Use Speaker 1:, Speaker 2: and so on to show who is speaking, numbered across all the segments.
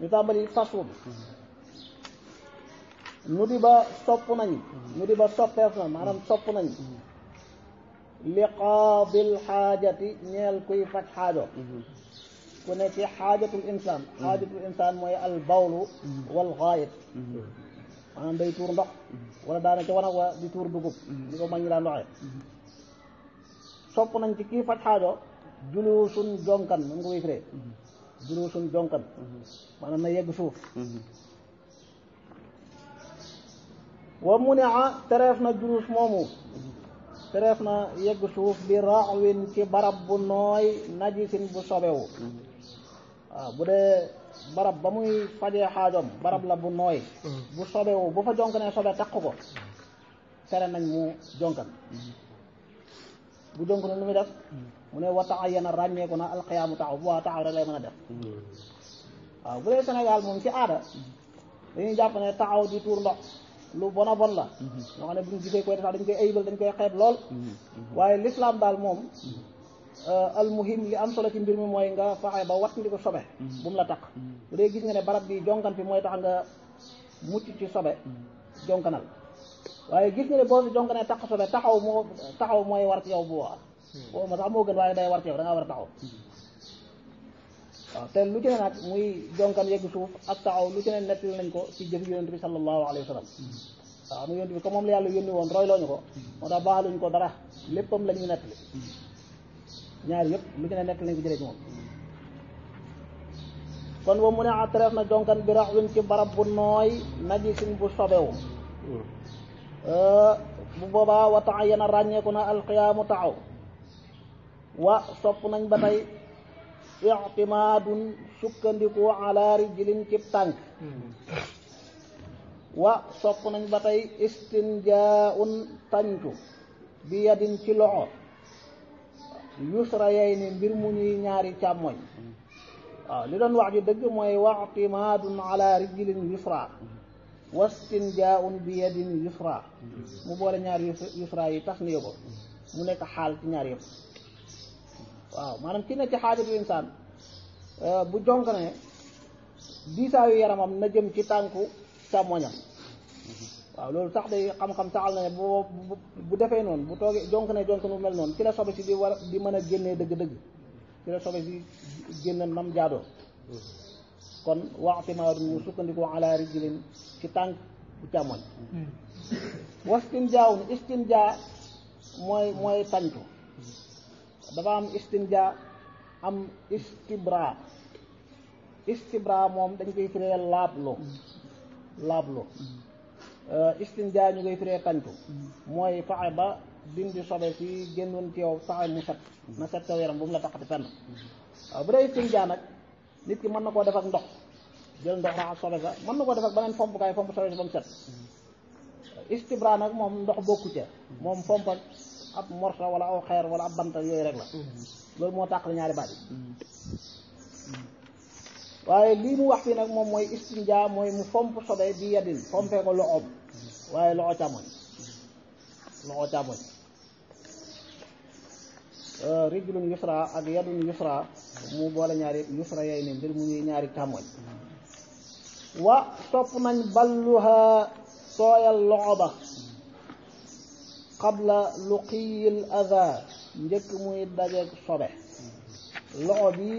Speaker 1: ñu tàmbali taswu bi nu di ba sopp nañ nu di ba soppeef na maanaam sopp nañ li qaadil xaajati ñeel kuy faj xaajo ku ne ci xaajatul mooy al bawlu wal xaayit maanaam day tuur ndox wala wa di tuur dugub ni ko mag ñi daan doxee sopp nañ ci xaajo julusun jonkan mun nga koy duruusun jonkan maanaam na yegg suuf wa mu ne a ah tereef na duruus moomu tereef na yegg suuf bi raxwin ci barab bu nooy najisin bu sobewu bu dee barab ba muy faje xaajom barab la bu nooy bu sobewu bu fa jonkanee sobe takk ko tere nañ mu jonkan bu jonk na lu muy mu ne wa taayana ràññeeku na alxiyaamu taxaw bu waa taxaw rek lay mën a def waaw bu dee Sénégal moom ci aada dañuy jàpp taxaw di tuur ndox lu bon a bon la ñoo xam ne bu ñu gisee dañ koy dañ koy xeeb lool waaye l'islam daal moom euh, almuhim li am ci mbir mi mooy nga la tax bu dee gis nga ne barab bi jonkan fi mooy tax nga mucc ci sobe jonkanal waaye gis nga ne jonkanee tax sobe taxaw moo taxaw mooy war ci yow bu waa Hmm. wow ma sax moo gën waaye day war ci yow da ngaa a taxaw muy jonkan yegg suuf ak taxaw lu ci ne nettali nañ ko ci jëf yonent bi sallallahu alayhi wa sallam waaw mu yonent bi comme yàlla yónni woon roy looñu ko moo tax baaxaluñu ko dara léppam la ñu nettali ñaari yëpp lu ci ne nettali nañ ko jëlee ci moom kon boobu mu ne atreef na jonkan bi rax win barab bu nooy najisin bu sobewu hmm. bu boobaa wa tax yena ràññeeku na alxiyaamu taxaw wa sopp nañ ba tay i'timadun sukkandiku ala rijlin cib tank wa sopp nañ ba tay istinja'un tanju bi yadin ci loxo yusra yayne mbir mu ñuy ñaari chamoy wa li doon wax ji moy wa i'timadun ala rijlin yusra istinja'un bi yadin yusra mu boole ñaar yusra yi tax niyo ko mu nek xal ci ñaar yëpp waaw maanaam ki euh, ne ci xaajatul insaan bu jonkane diisaayu yaramam na jëm ci tànku càmmoñam waaw loolu sax day xam-xam saxal na ne bu bu defee noonu bu toogee jonk ne jonk nu mel noonu ci la sobe si di war di mën a génnee dëgg-dëgg ci la sobe si génn nam jaadoo kon waxtimaaru sukkandiku ala rijlin ci tànk bu càmmoñ hmm. wastin jaaw istin jaa mooy mooy tàncu dafa am istinja am istibra istibra moom dañ koy firee laablo laablo euh, istinja ñu koy firee kantu mooy faxe ba dindi sobe si génnoon ci yow faxe mu set na set sa yaram bu mu la taxati fenn waaw bu dee istinja nag nit ki mën na koo def ndox jël ndox raxas sobe sa mën na koo def ak beneen fompukaay fomp sobe si ba mu set istibra nag moom ndox bokku ca moom fomp ak ab morso wala aw xeer wala ab bant yoy rek la lol mo tak la ñaari baat mm-hmm. waye li mu wax fi nak mom moy istinja moy mu fomp sobe bi yadin fompe ko lo op waye lo waaye moy lo loxo moy euh, rijlun yusra ak yadun yusra mu boole ñaari yusra yey ne mbir mu ngi ñaari tamoy mm-hmm. wa sopp nañ balluha sooyal lo oba qabla luqiyil adha njëkk muy dajeeg sobe loxo bi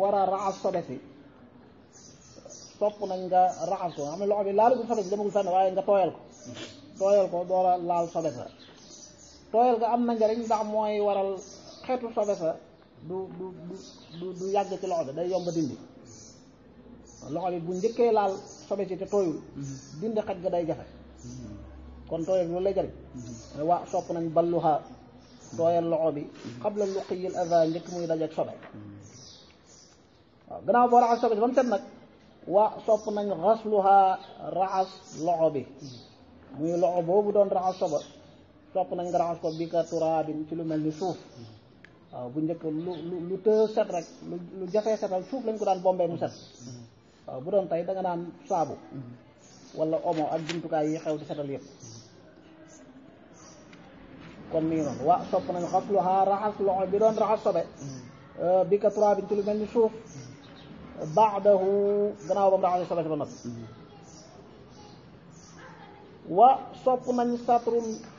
Speaker 1: war a raxas sobe si sopp nañ nga raxas ko xam ne loxo bi laal gu si dama ko sànni waaye tooyal ko tooyal ko door a laal sobe sa tooyal ga am na njariñ ndax mooy waral xeetu sobe sa du du du du yàgg ci loxo bi day yomb dindi loxo bi bu njëkkee laal sobe si te tooyul mm-hmm. dindi xet ga day jafe mm-hmm. kon tooyal loolu lay mm-hmm. waa sopp nañ balluhaa tooyal loxo bi xabla luqiyil aza njëkk muy dajeeg sobe mm-hmm. waaw gannaaw boo raxas sobe si ba mu set nag waa sopp nañ xasluhaa raxas loxo bi mm-hmm. muy loxo boobu doon raxas soba sopp nañ nga raxas ko bi ka ci lu mel ni suuf waaw bu njëkk lu lu lu tëë set rek lu lu jafee setal suuf lañ ko daan bombee mu set waaw bu doon tey da naan saabu wala omo ak jumtukaay yi xew di setal yëpp kon mi ngi noonu wa sopp nañu xasluha raxas loxo bi doon raxas sobe mm. bi ka turaabin ci lu mel ni suuf baadahu gannaaw ba mu raxasee sobe si ba noppi wa sopp nañ satru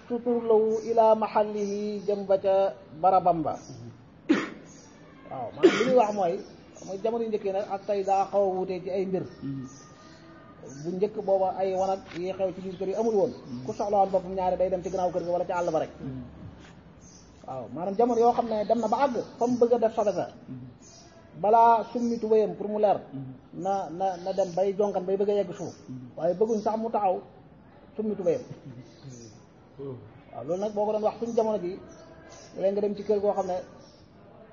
Speaker 1: suturlawu ila mahallihi jëm ba ca barabam ba mm-hmm. waaw maanaam li ñuy wax mooy mooy jamono yu njëkkee nag ak tey daa xaw a wuutee ci ay mbir mm-hmm. bu njëkk booba ay wanag yi xew ci biir kër yi amul woon ku soxlawoon boppam ñaari day dem ci gannaaw kër gi wala ci àll ba rek waaw maanaam jamono yoo xam ne dem na ba àgg fa mu bëgg a def sobe sa balaa summi tubayam pour mu leer na na na dem bay jonkan bay bëgg a yegg suuf waaye bëgguñ sax mu taxaw summi tubayam waaw loolu nag boo ko doon wax suñ jamono ji léegi dem ci kër goo xam ne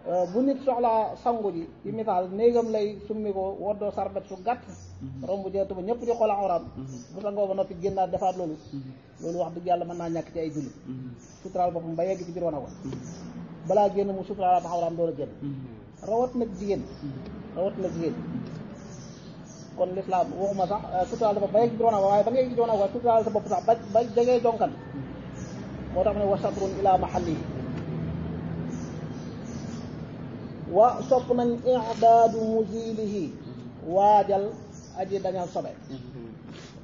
Speaker 1: Euh, bu nit soxlaa sangu ji ci misaal néegam lay summi ko woddoo sarbet su gàtt mhm. romb jeetu ba ñëpp di xool awraam mhm. bu sangoo ba noppi génnaat defaat mhm. loolu wax dëgg yàlla mën naa ñàkk ci ay jullit suturaal boppam ba yegg ci biir ko balaa génn mu suturaalaat awraam door a génn rawat nag jigéen rawat nag jigéen kon lislaam waxuma sax euh, suturaal dafa ba yegg ci biir ko waaye ba ngay yegg ci wana ko suturaal sa bopp sax ba ba jonkan moo tax mu ne wasatrun wa sopp nañ i'daadu muzilihi waajal aji dañal sobe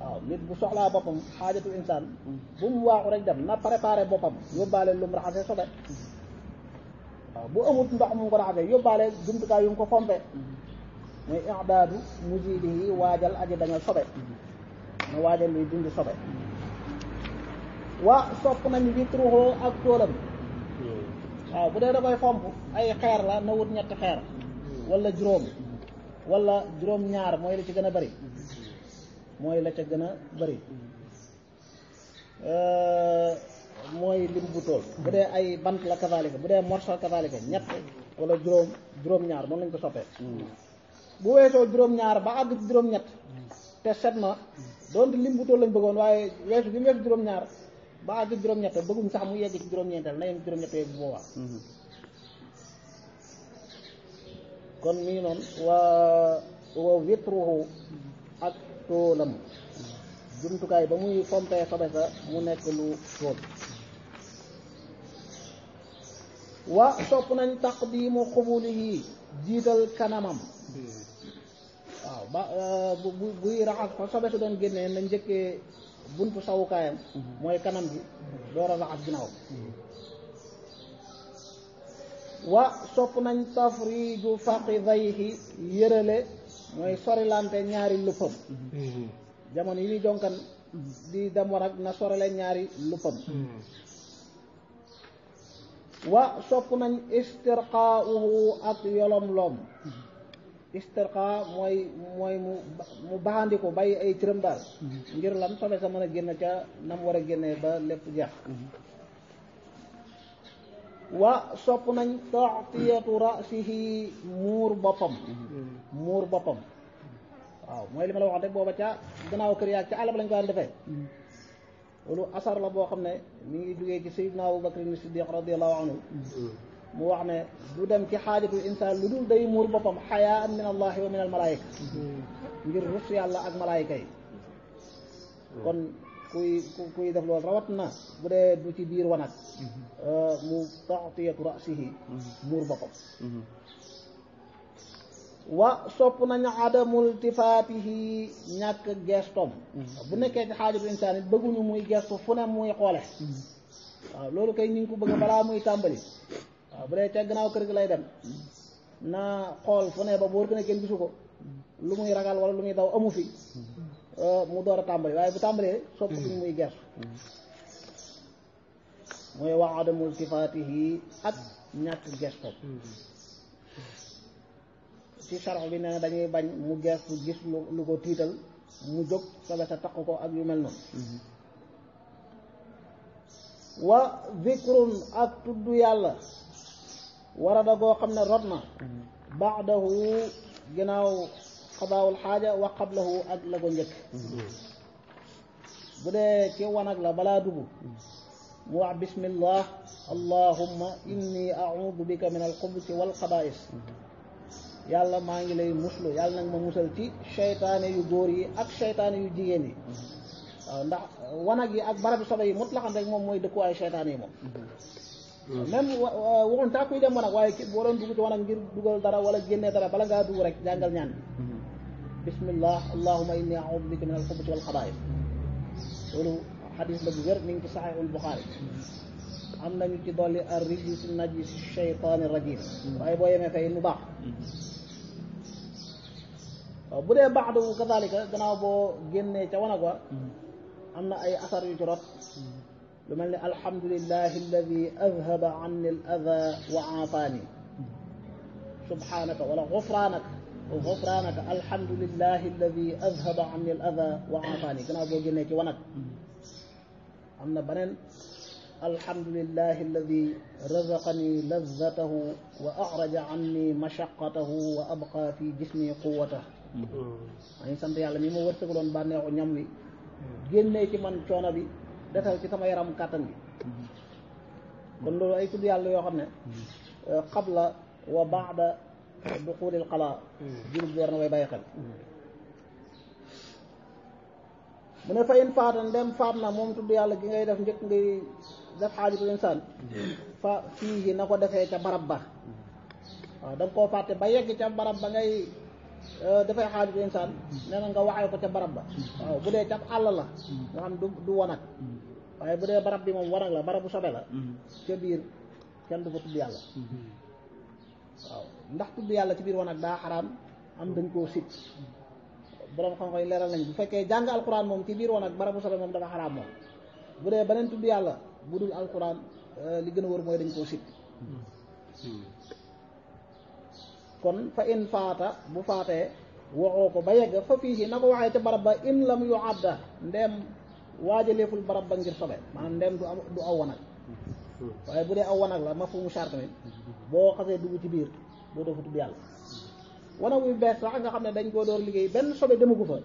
Speaker 1: waaw nit bu soxlaa boppam xaajatu insaan bu mu waaxu rek dem na préparé boppam yóbbaale lu mu raxasee sobe waaw bu amut ndox mu ko raxasee yóbbaale jumtukaay yu mu ko fompe muy i'daadu muzilihi waajal aji dañal sobe mu waajal luy dindi sobe wa sopp nañ witruhu ak toolam waaw bu dee da koy ay xeer la na wut ñetti xeer wala juróom wala juróom ñaar mooy la ci gën a bari mooy la ca gën a bari euh, mooy lim bu tool bu dee ay bant la kazalika bu dee morso kazalika ñett wala juróom juróom-ñaar noonu lañ ko soppee bu weesoo juróom-ñaar ba àgg juróom-ñett te set ma doon lim bu tool lañ bëggoon waaye weesu bi mu weesu juróom-ñaar ba àgg juróom-ñett bëggum sax mu yegg ci juroom ñeental na juroom juróom-ñett yeeg bu mhm. kon mi non wa wa witruhu ak tolam toolam kay ba muy fompee sobe sa mu nekk lu tol wa sopp nañ taqdimu xubuli yi kanamam waaw ba euh, bu bu yi raxas fa sobe sa doon génnee na njëkkee buntu sawukaayam mhm. mooy kanam bi mhm. door a laxas ginaaw mhm. wa sopp nañ tafriju faqidayhi yërale mooy sorilante ñaari lupam jamono yi muy jonkan di dem war ak na sorale ñaari lupam wa sopp nañ istirqaauhu ak yolom istirqa mooy mooy mu mu baxandiku bàyyi ay cëram daal ngir lan sobe sa mën a génn ca nam war a génnee ba lépp jeex wa sopp nañ taatiyatu rasihi muur boppam muur boppam waaw mooy li ma la waxoon rek booba ca gannaaw kër yaag ca àll ba lañ ko daan defee loolu asar la boo xam ne mi ngi jugee ci sayyidna Abu Bakr ni Siddiq radiyallahu anhu mu wax ne du dem ci xaalitul insaan lu dul day muur boppam xayaan min allahi wa min al malaayika mm-hmm. ngir rus yàlla ak malaayika yi kon kuy kuy def loolu rawat na bu dee du ci biir wanag mm-hmm. euh, mu taxtiyatu rasihi mm-hmm. muur boppam wa sopp nañu adamul tifaatihi ñàkk gestoom bu nekkee ci xaalitul insaan it bëgguñu muy gestu fu ne muy xoole waaw loolu kay ñu ngi ko bëgg balaa muy tàmbali bu dee ca gannaaw kër gi lay dem na xool fu ne ba wóor ko ne kenn gisu ko lu muy ragal wala lu muy daw amu fi euh, mu door a tàmbali waaye bu tàmbalee sopp fi muy gertu mooy wax adamu iltifaatihi ak ñàkk gestu ci sharx bi nee na dañuy bañ mu gestu gis lu ko tiital mu jóg sabe sa taq ko ak yu mel noonu wa zikrun ak tudd yàlla warada goo xam ne rot na baadahu ginnaaw xadaawul xaaja wa qablahu ak la ko njëkk bu dee ci wanag la balaa dugg mu wax bismillah allahumma inni audu bika min alxubusi wal xabaais yàlla maa ngi lay muslu yàlla nag ma musal ci seytaane yu góor yi ak seytaane yu jigéen yi waaw ndax wanag yi ak barabi sobe yi mut la xam rek moom mooy dëkkuwaay seytaane yi moom Mm. même waxoon taa kuy dem wanag waaye boo doon dugg ci wanag ngir dugal dara wala génnee dara bala ngaa dugg rek jàngal ñaan mm-hmm. bismillah allahuma inni audu bika min alxubuti wal xabaayis loolu xadis la bu wér mi ngi ci saxiixul buxaari mm-hmm. am nañu ci dolli ar rijis najis shaytaani rajim mm-hmm. waaye boo yemee fay mu baax waaw bu dee baax du kazalika gannaaw boo génnee ca wanag wa am na ay asar yu ci بمعنى الحمد لله الذي اذهب عني الاذى وعافاني سبحانك ولا غفرانك وغفرانك الحمد لله الذي اذهب عني الاذى وعافاني كنا بو جنيكي ونك امنا بنن الحمد لله الذي رزقني لذته واعرج عني مشقته وابقى في جسمي قوته اي سنت يالا ميمو ورتغلون بانيو نيام وي من تشونا defal ci sama yaram katan bi kon lolu ay tuddu yalla yo xamne qabla euh, wa ba'da duxulil xala julub bi war na way baye xel mune fa in faatan dem faat na moom tudd yàlla gi ngay def njëkk ngay def xaajatu insaan fa fii nako defé ca barab ba da ko koo ba yegg ca barab ba ngay Euh, dafay xaajul insaan nee na nga waxee ko ca barab ba waaw bu dee cab àll la nga xam du wanag waaye bu dee barab bi moom wanag la barabu sobee la ca biir kenn du fa tudd yàlla waaw ndax tudd yàlla ci biir wanag daa xaraam am dañ koo sit borom xam-xam yi leeral nañ bu fekkee jàng alquran moom ci biir wanag barabu sobe moom dafa xaraam moom bu dee beneen tudd yàlla bu dul alquran euh, li gën a war mooy dañ koo sit kon fa in faata bu faatee waxoo ko ba yegg fa fii si na ko waxee ca barab ba in lam yu adda ndeem waajaleeful barab ba ngir sobe maanaam ndeem du du aw wanag waaye bu dee aw wanag la ma fu mu charte mi boo xasee dugg ci biir boo doo fa tudd yàlla wanag wu bees sax nga xam ne dañ koo door liggéey benn sobe demagu fa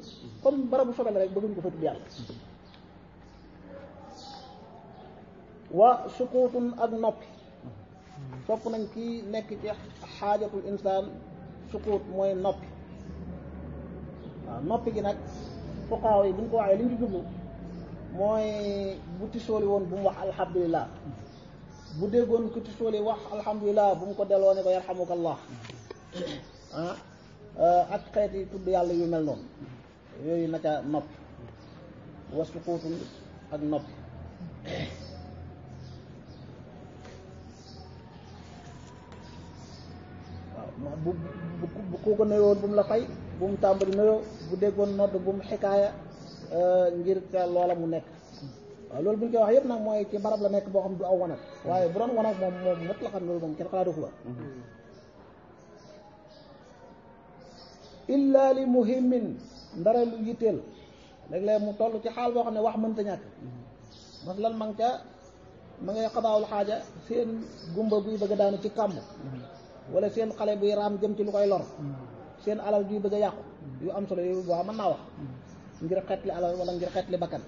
Speaker 1: comme barabu sobe la rek bëgguñ ko fa tudd yàlla wa sukuutun ak noppi sopp nañ kii nekk ci xaajatul insaan sukuut mooy noppi waaw noppi gi nag fuqaaw yi bu ñu ko waxee li ñu ci jublu mooy bu tisooli woon bu mu wax alhamdulilah bu déggoon ku tisooli wax alhamdulilah bu mu ko delloo ne ko yarhamukallah ah, ah ak xeeti tudd yàlla yu mel noonu yooyu na noppi wa sukuutun ak noppi bu bu ku ko nuyoon bu mu la fay bu mu tàmbali nuyoo bu déggoon nodd bu mu xikaaya euh, mu nekk loolu bu ñu koy wax yëpp nag mooy ci barab la nekk boo xam du aw wanag waaye bu moom moom mot la xam loolu moom li muhimmin ndara lu yitteel léeg-léeg mu toll ci xaal boo xam ne wax mënta ñàkk masalan ma nga ca ma ngay xaaja seen gumba buy bëgg daanu ci kàmm wala seen xale buy raam jëm ci lu koy lor hmm. seen alal juy bëgg a yàqu hmm. yu am solo yu boo mën naa wax hmm. ngir xetli alal wala ngir xetli bakkan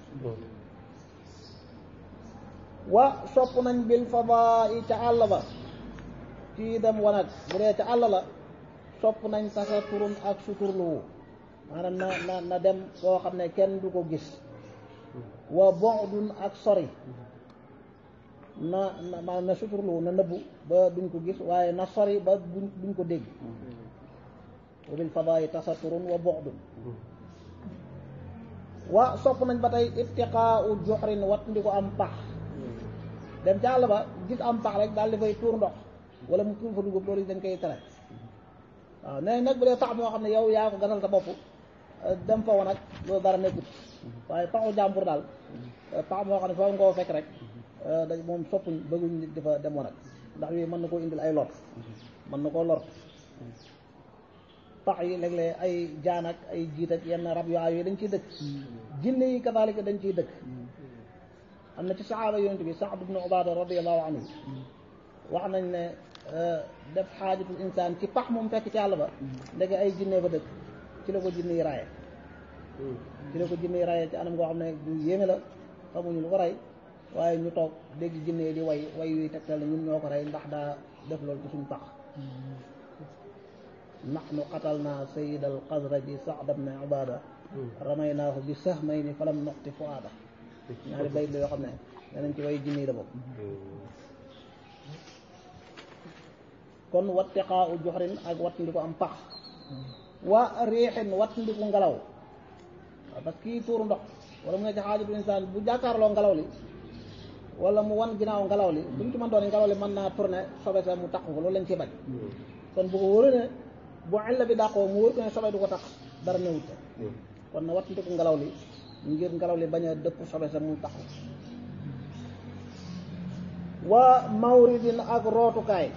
Speaker 1: wa sopp nañ bil fadaai ca àll ba ci dem wanag bu dee ca àll la sopp nañ tasa turun ak suturluwu maanaam na na na dem foo xam kenn du ko gis wa boodun ak sori na na na suturlu na nëbbu ba duñ ko gis wa na sori ba duñ ko dégg wa bil fadayi tasaturun wa bu'dun wa sopp nañ ba tey ittiqaa'u juxrin wat ndi ko am pax dem jala ba gis am pax rek dal di fay tuur ndox wala mu fudu fa dugub loolu dañ koy tere waaw nee nag bu dee pax moo xam yow ganal ta dem fa woon ak loolu dara wa waaye paxu jàmbur daal pax moo xam na ko fek rek dañ moom soppuñ bëgguñ nit dafa dem wanag ndax yooyu mën na koo indil ay lor mën na koo lor pax yi léeg-léeg ay jaan ak ay jiit ak yenn rab yu aay yooyu dañ ciy dëkk jinne yi kadaalika dañ ciy dëkk am na ci saxaaba yonent bi Saad ibnu Ubaada radiallahu anhu wax nañ ne def xaajatul insaan ci pax moom fekk ci àll ba ndege ay jinne ba dëkk ci la ko jinne yi raye ci la ko jinne yi raye ci anam goo xam ne du yéeme la xamuñu lu ko rey waaye ñu toog dégg jinne di way way yuy tegtal ñun ñoo ko rey ndax daa def loolu ci suñu pax nahnu qatalna sayid al xasraji saada bna ibada hmm. ramaynaahu bi sahmayni falam noqti fuaada ñaari bayit la yoo xam ne danañ ci way jinne yi la bokk kon wattiqaa u joxrin ak wattandiku am pax waa riixin wattandiku ngelaw parce que kii tuuru ndox wala mu ne ci xaajatu insaan bu jàkkaarloo ngelaw li wala mu wan ginaaw ngalaw li bu ci man doone ngalaw li man na tourner sobe sa mu taq lo loolu lañ ci bañ kon bu ko wóoree ne bu alla bi dàqoo mu wóor ne sobe du ko taq dara ne wut kon na ko ngalaw li ngir ngalaw li baña depp sobe sa mu taq wa mawridin ak rotu kay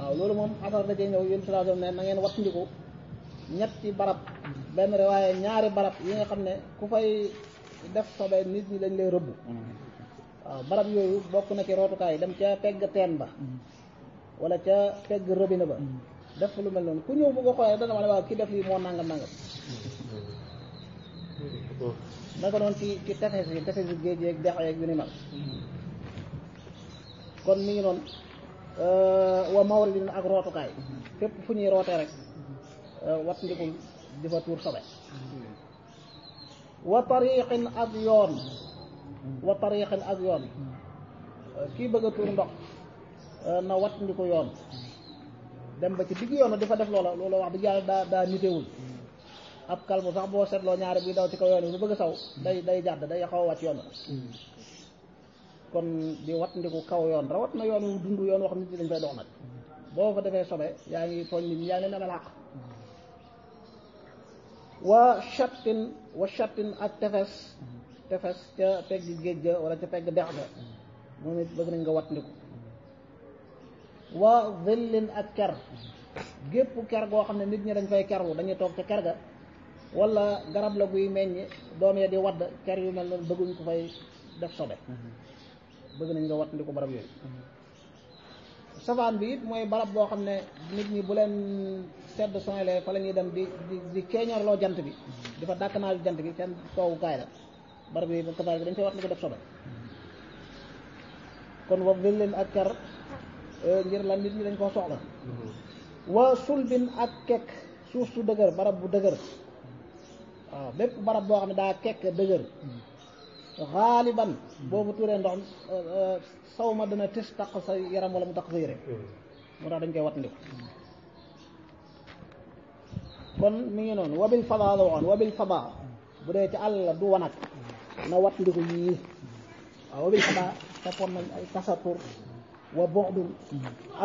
Speaker 1: waaw loolu moom asar da cee ñëw yéen salaa ne na ngeen wattandiku ñetti barab benn waaye ñaari barab yi nga xam ne ku fay def sobe nit ñi dañ lay rëbb waaw barab yooyu bokk na ci rootukaay dem ca pegg teen ba wala ca pegg robinet ba def lu mel noonu ku ñëw bu ko xoolee dana ma ne waaw ki def yi moo nangam nangam naka noonu ci ci tefes yi tefes yi géej yeeg dex yeeg yu ni mel kon mi ngi noonu euh, wa mawri dina ak rootukaay fépp fu ñuy rootee rek euh, wat ndikul di fa tuur sobe wa tariqin ak yoon wa tariqan ak yoon kii bëgg a tuur ndox euh, na wat ko yoon dem ba ci digg yoon di fa def loola loola wax dëgg yàlla daa daa nitewul ab kalbu sax boo seetloo ñaari bi daw ci kaw yoon yi bu bëgg a saw day day jàdd day xaw a wàcc yoon kon di wat kaw yoon rawat na yoon wu dund yoon wax nit ñi dañ fay dox nag boo fa defee sobe yaa ngi tooñ nit ñi yaa ngi leen amal wa chattin wa chattin ak tefes tefes ca pegg géej ga wala ca pegg dex ga moom it bëgg nañ nga wattandiku wa zillin ak ker gépp ker goo xam ne nit ñi dañ fay kerlu dañuy toog ca ker ga wala garab la guy meññ doom ya di wadd ker yu mel noonu bëgguñ ko fay def sobe bëgg nañ nga wattandiku barab yooyu safaan bi it mooy barab boo xam ne nit ñi bu leen sedd sonle fa la ñuy dem di di di keeñorloo jant bi dafa dàkk naa jant bi seen toogukaay la barab yooyu ba kabaar dañ koy war di ko def sobe kon wax dëgg ak kar euh, ngir lan nit dañ koo soxla mm-hmm. waa sulbin ak kekk suuf su dëgër barab bu dëgër waaw bépp barab boo xam ne daa kekk dëgër mm-hmm. xaaliban mm-hmm. boobu fa tuuree ndox euh, euh, saw ma dana tis taq sa yaram wala mu taq sa yére moo tax dañ koy wattandiku kon mi ngi noonu wabil fadaa la waxoon wabil fadaa bu dee ci àll du wanag na wat ndiku yii waaw wabil xadaa toppoon ay tasatur wa bu'dun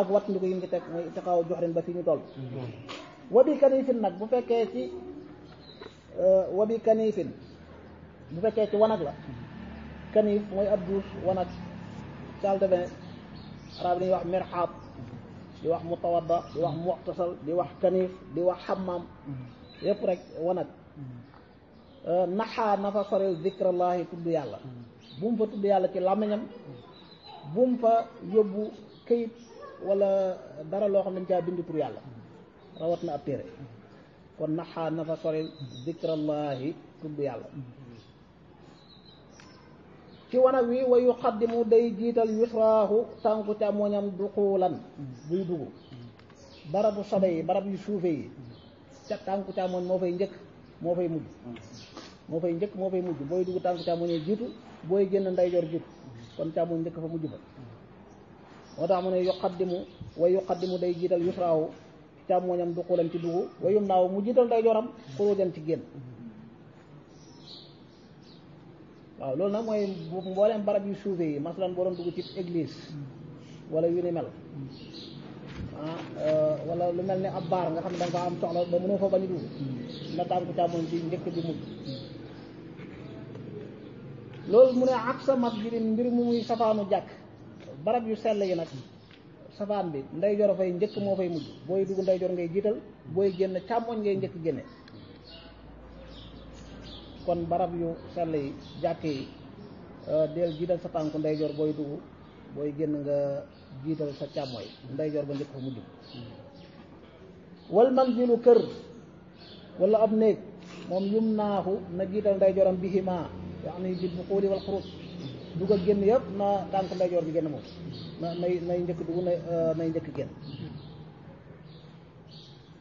Speaker 1: ak wat ndiku yi ngi teg mooy ittiqaaw joxrin ba fi ñu toll wabi kanifin nag bu fekkee ci euh, wabi kanifin bu fekkee ci wanag la kanif mooy ab douche wanag salle de bain arab dañuy wax mirxaat di wax mutawadda di wax muxtasal di wax kanif di wax xammaam yépp rek wanag Euh, naxaa na fa sore zikrallahi tudd yàlla bu mu fa tudd yàlla ci làmmiñam bu mu fa yóbbu këyit wala dara loo xam ne dañ caa bind tur yàlla rawat na ab téere kon naxaa na fa sore zikrallahi tudd yàlla ci wanag wi wa yuqaddimu day jiital yusraahu tànku ca mooñam duqulan buy dugg barabu sobe yi barab yu suufe yi ca tànku ca moo fay njëkk moo fay mujj mo fay ñëk mo fay mujj boy duggu tank tànk jitu boy genn nday jor jitu kon càmmoñ ñëk fa mujj ba moo mo ne yuqaddimu wa yuqaddimu day jital jiital yusraawu càmmoñam duqulam ci duggu wa dugg mu jital nday joram ko ndeyjooram dem ci genn waaw lool na moy mbolem barab yu soufé yi masalan boo doon dugg ci église wala yu ne mel ah euh, wala lu melni abbar nga xamne ne da nga am soxla ba mëno fa bañ a dugg na tànku càmmoñ ci ñëk bi mujj loolu mu ne ak sa mag jirim mbir mu muy safaanu jàkk barab yu sell yi nag safaan bi ndeyjoor a fay njëkk moo fay mujj booy dugg jor ngay jiital booy génn càmmoñ ngay njëkk génne kon barab yu sell yi jàkk yi euh, del jiital sa tànku ndeyjoor booy dugg booy génn nga jiital sa càmmooy ndeyjoor ba njëkk fa mujj wal manzilu kër wala ab néeg moom yum naaxu na jiital ndeyjooram bihima yaani bil buquli wal xuruj dugg ak génn yëpp na tànk ndeyjoor bi génn moom na nay nay njëkk dugg nay euh, njëkk génn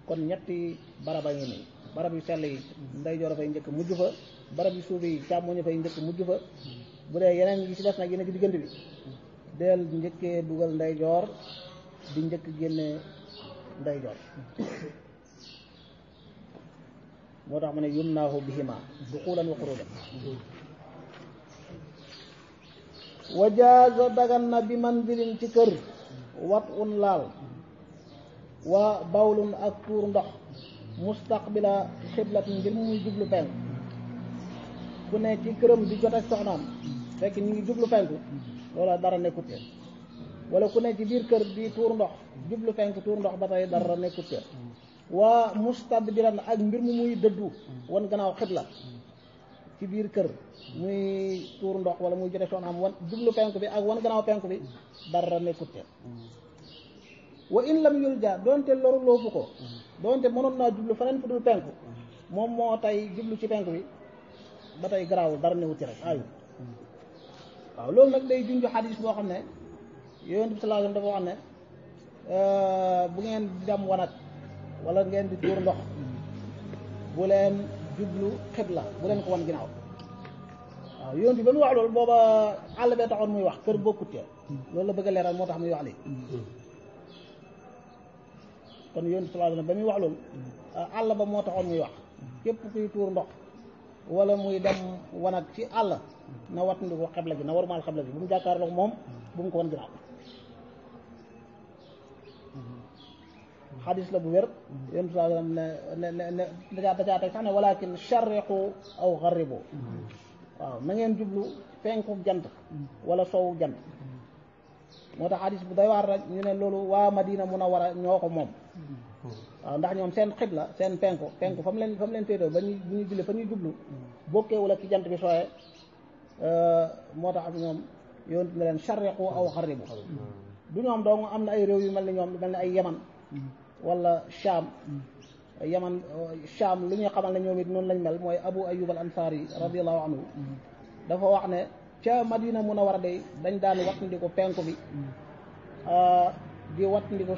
Speaker 1: kon ñetti baraba ngi nii barab yu sell yi ndeyjoor a fay njëkk mujj fa barab yu suuf yi càmmoñ fay njëkk mujj fa bu dee yeneen yi ci des nag yi nekk diggante bi del njëkkee dugal ndeyjoor di njëkk génne ndeyjoor moo tax mu ne yumnaahu bihima duqulan wa xurujan wa jaaza dagan na bi manzilin ci kër wat un laal waa bawlun ak tuur ndox mustaqbila xiblatin ngir muy jublu penk ku ne ci këram di jot ak soxnaam fekk ñu ngi jublu penk loola dara nekkut ca wala ku ne ci biir kër di tuur ndox jublu penk tuur ndox ba tey dara nekkut ca waa mustadbiran ak mbir mu muy dëddu wan gannaaw xibla ci biir kër muy tuur ndox wala muy jote am wan jublu penku bi ak wan gannaaw penku bi dara nekkutte wa in lam yulja doonte loru loofu ko doonte mënoon naa jublu feneen fu dul penku moom moo tey jublu ci penku bi ba tey garaawul dara newutti rek ayu waaw loolu nag day junj xadis boo xam ne yonent bi sallallahu alayhi dafa wax ne euh, bu ngeen di dem wanag ngeen di tuur ndox bu leen jublu xibla bu len ko won ginaaw waaw yoon bi ba mu wax lol boba àll be taxoon muy wax keur bokkut ya loolu la bëgg leral motax muy wax li kon yoon bi sallallahu alayhi wasallam muy wax lol Allah. ba moo taxoon muy wax kep kuy tour ndox wala muy dem wanak ci àll na wat ko xibla gi na warmal xibla gi bu mu jàkkaarloog mom bu mu ko won ginaaw xadis la bu wér yém sa ne dacaa teg sax ne walakin charriqu aw xarribu waaw na ngeen jublu penku jant wala sowu jant moo tax xadis bu doy waar rek ñu ne loolu waa Madina mun a war a ñoo ko moom waaw ndax ñoom seen xibla seen penku penku fa mu leen fa mu leen téetoo ba ñu bu ñu julli fa ñuy jublu bokkeewul ak ki jant bi sooyee moo tax ñoom yoon ne leen charriqu aw xarribu du ñoom dong am na ay réew yu mel ni ñoom mel ni ay Yaman ولا الشام اليمن الشام لي نيو خامل نيو ميت نون لا نمل موي ابو ايوب الانصاري رضي الله عنه دا فا واخ ني تا مدينه منوره دي دنج دان وقت ديكو بينكو بي ا دي وات ديكو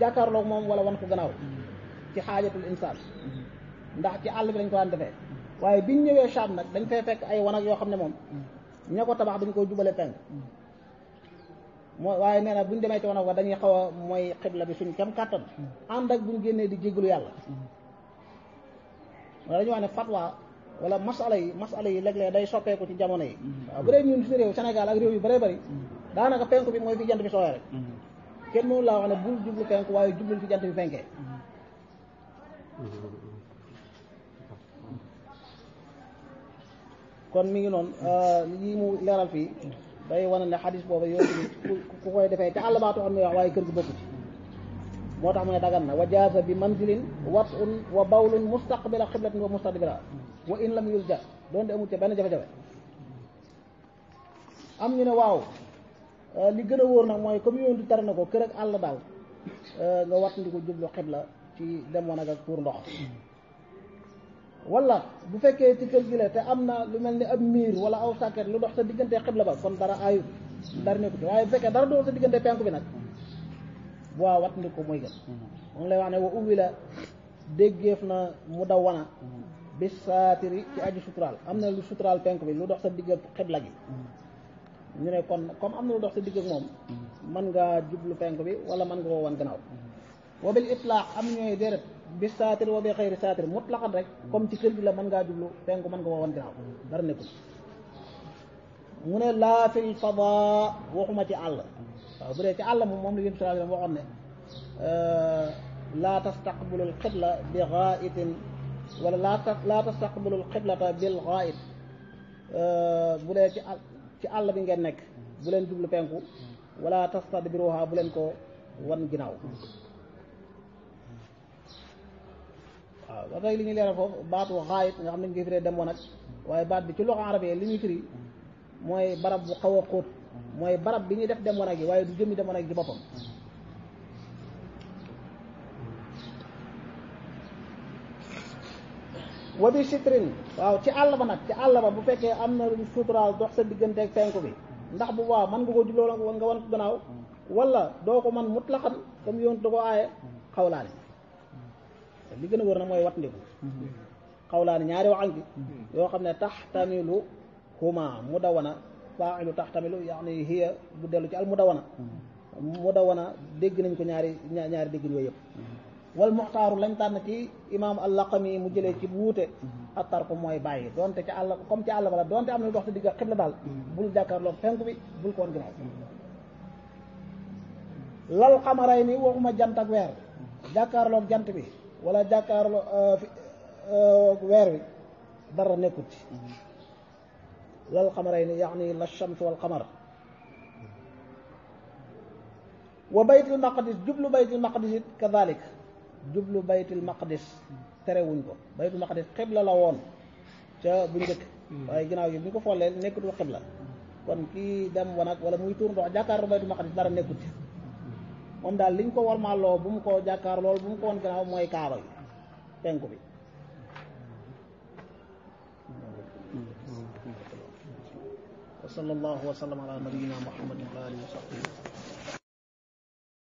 Speaker 1: جاكار لو موم ولا وان كو غناو تي حاجه الانسان ndax ci all bi lañ ko andé waye biñ ñëwé sham nak dañ fay fekk ay wan ak yo xamné mom mm. ñako tabax dañ ko jubalé fenk mm. mooy waaye nee na bu ñu demee ci wanag wa dañuy xaw mooy xibla bi suñ kam kàttan ànd ak bu génnee di jéggalu yàlla wala dañu wax ne fatwa wala masala yi masala yi léeg-léeg day soppeeku ci jamono yi waaw bu dee ñun suñu réew Sénégal ak réew yu bëree bëri daanaka penku bi mooy fi jant bi sooyee rek kenn mënu laa wax ne bul jublu penku waaye jublul fi jant bi fenkee kon mi ngi noonu euh, lii mu leeral fii day wane ne hadith bobu yo ku koy defee te Allah ba taxoon muy wax waaye kër gi bokku ci motax tax mu ne dagan na wa bi manzilin watun wa bawlun mustaqbil qiblatin wa mustadbira wa in lam yulja don de amul ca ben jafe-jafe am ñu ne waaw li gën a wóor nag mooy comme yoonu tar nako na kër ak Allah dal nga wat ndiko jublu qibla ci dem wan ak ak ndox wala bu fekkee ci kër gi la te am na lu mel ni ab miir wala aw sàkket lu dox sa diggante xibla ba kon dara ayu dara nekku waaye bu fekkee dara dox sa diggante penku bi nag waa wat ndi ko mooy gën mm-hmm. moom lay wax ne wa ubbi la na mu daw wana bi saatiri ci aju am na lu suturaal penku bi lu dox sa digg xibla gi mm-hmm. ñu ne kon comme am na lu dox sa digg ak moom mm-hmm. mën nga jublu penku bi wala mën nga ko wan gannaaw wa bil itlaq am ñooy deret بساتر وبغير ساتر مطلقا رك كم تصير بلا من قاعد بلو من قوان دراو برنكو من لا في الفضاء وهم تي الله بري تي الله مم مم صلى الله عليه وسلم لا تستقبل القبلة بغائط ولا لا تستقبل القبلة بالغائط آه، بري تي الله بين جنك بلن دبل بينكو ولا تستقبلها بلنكو وان جناو waaw ba tey li ñuy leeral foofu baatu xaayit nga xam ne dañ koy firee demoon ak waaye baat bi ci loxo arab yi li ñu firi mooy barab bu xaw a xóot mooy barab bi ñuy def dem ak yi waaye du jëmi demoon ak yi ci boppam waaw ci àll ba nag ci àll ba bu fekkee am na sutural dox sa diggante ak penku bi ndax bu baax man nga ko jubloo nga wan ko walla doo ko man mut la xam comme yoon da ko aaye xawlaani li gën a wóor na mooy wat watndiku xawlaani ñaari wax angi yoo xam ne taxtamilu huma mudawana faailu taxtamilu yaani hiya bu dellu ci al mudawana mudawana dégg nañ ko ñaari ñaari dégg yooyu yëpp wal muxtaaru lañ tànn ci imaam allaqami mu jëlee ci wuute ak tarku mooy bàyyi donte ca àll comme ci àll ba la donte am na dox te digg xibla daal bul jàkkaarloo fenk bi bul koon ginnaaw lal xamaray ni waxuma jant ak weer jàkkaarloog jant bi ولا دكار آه، آه، ويروي بر نكوت لا القمرين يعني لا الشمس والقمر وبيت المقدس جبل بيت المقدس كذلك جبل بيت المقدس ترى تريونكو بيت المقدس قبل لون تا بنجك واي غيناوي بنكو فولل نيكوت قبل كون كي دم وناك ولا موي جاكار بيت المقدس دار نيكوت moom daal liñ ko warmaaloo bu mu ko jàkkaar lool bu mu ko woon gannaaw mooy kaaba gi penku bi wa sallallahu wa sallam ala nabiyyina muhammadin wa alihi wa sahbihi